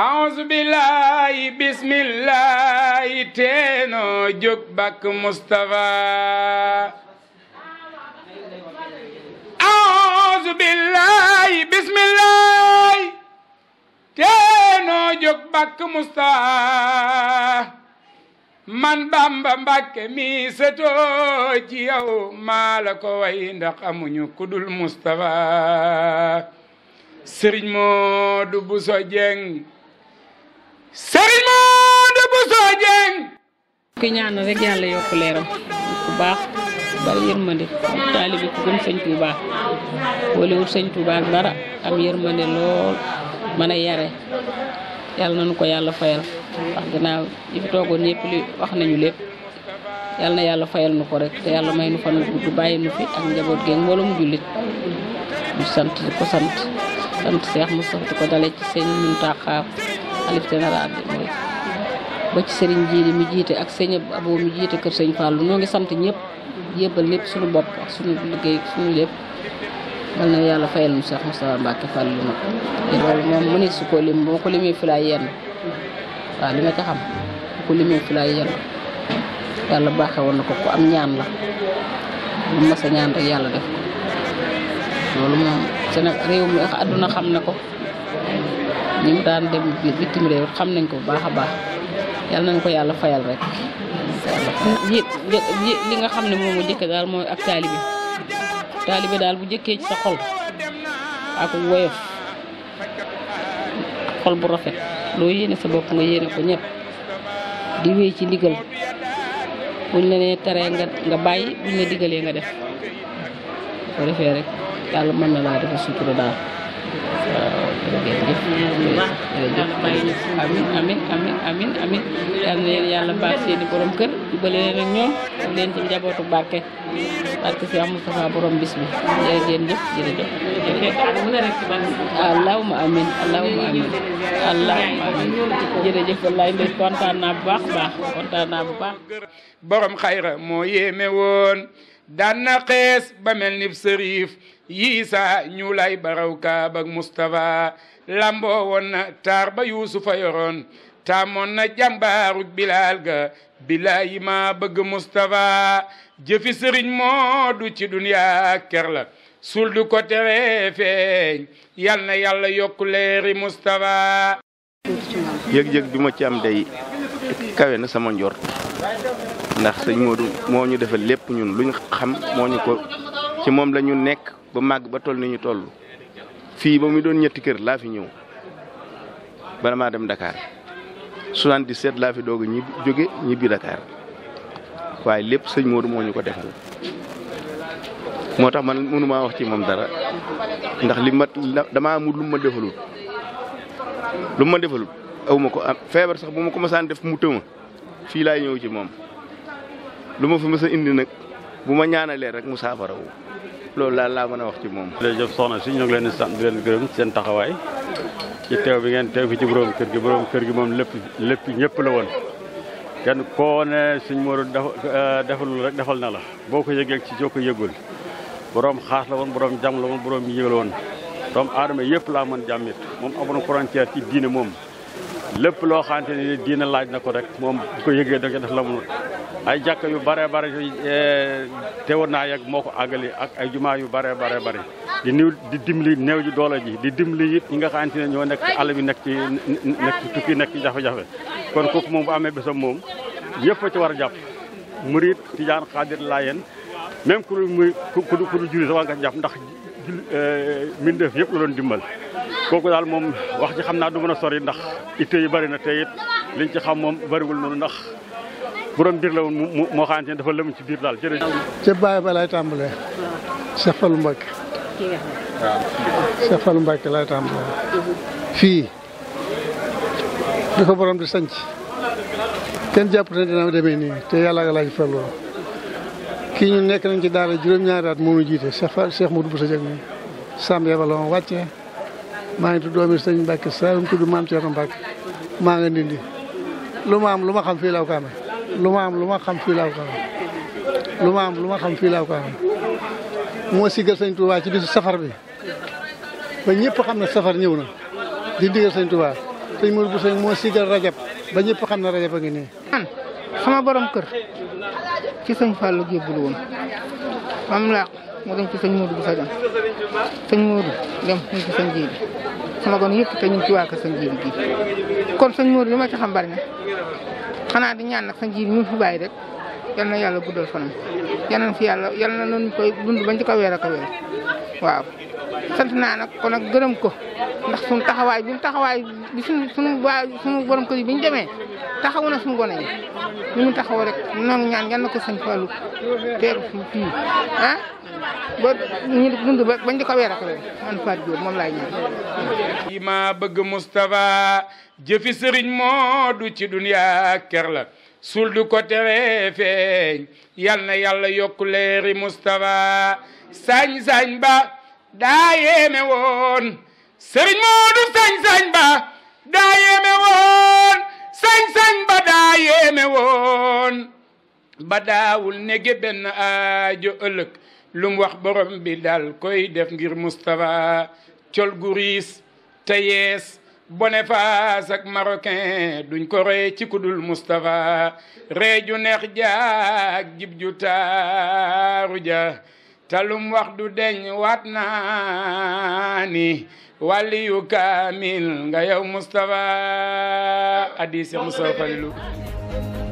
auzu billaahi bismillaahi teenoo jóg bakk Mustafa billaahi bismillaahi teenoo bakk Mustafa man Bamba Mbàkke mi setoo ci yow maa ko way ndax amuñu kudul Mustafa Sëriñ Moodu Buso Jeng Serigne Modou Bousso Dieng ki ñaan rek yàlla yokk leeram ku baax bari yërmande ak taalibi ku gëm sëñ Touba boolewul sëñ Touba ak dara am yërmande lool mën a yare yàlla nañu ko yàlla fayal wax ginnaaw ñi fi toogoon ñëpp li wax nañu lépp yàlla yàlla fayal nu ko rek te yàlla may nu fan gudd bàyyi nu fi ak njaboot geeg mbooloo mu jullit sant di ko sant sant ko dale ci sëñ Muntaxa xalif ci sëriñ jiili mi jiite ak sëñ Abo kër sëñ ñoo ngi sant ñëpp jébbal lépp suñu bopp ak liggéey suñu lépp dal na yàlla fayal mu Cheikh Moustapha Mbacke Fallou ma ko lim boo ko limee fi laay yenn waaw li ma ca xam bu ko limee fi laay yenn yàlla baaxee woon na ko ku am ñaan la lu mas a ñaan rek yàlla def ko loolu moom seen réew mi ak àdduna xam na ko ñi mu daan dem biir bitim réew xam nañ ko bu baax a baax yal nañ ko yàlla fayal rek li nga xam ne moom mu jëkke daal mooy ak taalibe taalibe daal bu jëkkee ci sa xol ak woyof xol bu rafet loo yéene sa bopp nga yéene ko ñëpp di wéy ci ndigal buñ la nee teree nga bàyyi buñ la digalee nga def ko defee rek yàlla mën na laa defa sutura daal amin amin amin amin amin yal na yàlla baax seeni borom kër jubale leen ak ñoom leen ci njabootu barke barke si amul safa allahuma amin allahuma amin allahuma amin wallaay ndey kontaan naa baax baax kontaan naa baax borom xayra moo yéeme woon daan xees ba mel ni sërif yiisa ñu lay baraw kaab ak lamboo woon na taar ba yuusufa yoroon taamoon na bilaal ga bilaayi ma bëgg Mustapha jëfi sëriñ moo du ci duniyaa ker la ko tere feeñ yal na yàlla yokk leeri Mustapha yëg-yëg bi ma am day kawe na sama njort ndax sëñ Modou moo ñu defal lépp ñun luñ xam moo ñu ko ci moom lañu nekk ba màgg ba toll ni ñu toll fii ba mu doon ñetti kër laa fi ñëw bala maa dem Dakar 77 laa fi doog a ñibbi jóge ñibbi Dakar waaye lépp sëñ Modou moo ñu ko defal moo tax man mënumaa wax ci moom dara ndax li ma damaa amul lu ma defalul lu ma defalul awma ko am ah, feebar sax bu ma ko masaan def mu tëma fii laay ñëw ci moom lu ma fu mës a indi nag bu ma ñaanalee rek mu saafara wu loolu daal laa mën a wax ci moom. jërëjëf soxna si ñu ngi leen di sant di leen gërëm seen taxawaay ci teew bi ngeen teew fi ci borom kër gi borom kër gi moom lépp lépp ñëpp la woon kenn koo ne suñ Modou eh, defalul rek defal na la boo ko yëgee ci joo ko yëgul borom xaas la woon borom jàmm la woon borom yëgal woon doomu aadama yëpp laa mën jàmmit moom amoon frontière ci moom. lépp loo xamante ni diina laaj na ko rek moom bu ko yëgee da nga def la mu ay jàkka yu bare bare eh, teewoon naa yegg moo ko àggali ak ay jumaa yu bare bare bari di niw di dimbali néew ji doole ji di dimbali it ñi nga xamante ne ñoo nekk ci àll bi nekk ci nekk ci tukki nekk ci jafe-jafe kon kooku moom bu amee bésam moom ñëpp a ci war a jàpp murit tijaan xaadir laayeen même ku dul muy ku dul juri sa war nga jàpp ndax eh, mbindeef yëpp la doon dimbal kooku daal moom wax ci xam naa du mën a sori ndax itte yi bëri na te it liñ ci xam moom bariwul noonu ndax borom biir la woon mu moo xamante ne dafa lëm ci biir daal jërëjëf. ca ba lay tàmbalee. Cheikh Fallou Mbacké. waaw lay tàmbalee. fii di ko borom di sanc kenn jàpp ne dina demee nii te yàlla nga laaj Fallou kii ñu nekk nañ ci daal juróom-ñaari at moo ñu jiite Cheikh Cheikh Modou Boussa Diagne Samb yebal ma wàccee. maa ngi tudd doomi sëñ Mbacke Saloum tudd maam Thierno Mbacke maa nga ndindi lu ma am lu ma xam fii laa ko amee lu ma am lu ma xam fii laa ma lu ma xam fii laa ko amee moo sigal sëñ Touba ci bisu safar bi ba ñëpp xam ne safar ñëw na di digal sëñ Touba sëñ Mourou Bousso moo sigal rajab ba ñëpp xam na rajab a ngi nii. sama borom kër ci sëñ Fallou jébbalu woon am la mu dem ci sëñ Modou bu sa jam sëñ Modou dem ñu ngi ci sëñ Jiili sama gon yëpp te ñu ngi ci waa kër sëñ Jiili ji kon sëñ Modou li ma ci xam bari na xanaa di ñaan nag sëñ Jiili ñu fi bàyyi rek yal na yàlla guddal fanam yal na fi yàlla yal na noonu koy dund bañ ci ko weer a ko weer waaw sant naa nag kon nag gërëm ko ndax suñu taxawaay bi taxawaay bi suñu suñu waa suñu borom kër yi bi ñu demee taxawu na suñu gone yi ni mu taxaw rek noonu ñaan yal na ko sëñ Fallou teeru fii ah ba ñu dund ba bañ di ko weer ak leen man Fatou Diop moom laay ñaan. yi maa bëgg Moustapha jëfi sëriñ moo du ci duniyaa ker la sul du ko tere feeñ yal na yàlla yokk leeri Moustapha sañ-sañ ba daa yéeme woon sëriñ moo du sañ-sañ ba daa yéeme woon ba daa yéeme woon ba daawul nege benn lu wax borom bi daal koy def ngir Moustapha col gu riis te yees Boniface ak marocain duñ ko rey ci kudul Moustapha ree ju neex jaak jib ju taaru ja talum wax du deñ waat naa ni waliyu kaamil nga yow Moustapha addi si Moustapha Falilu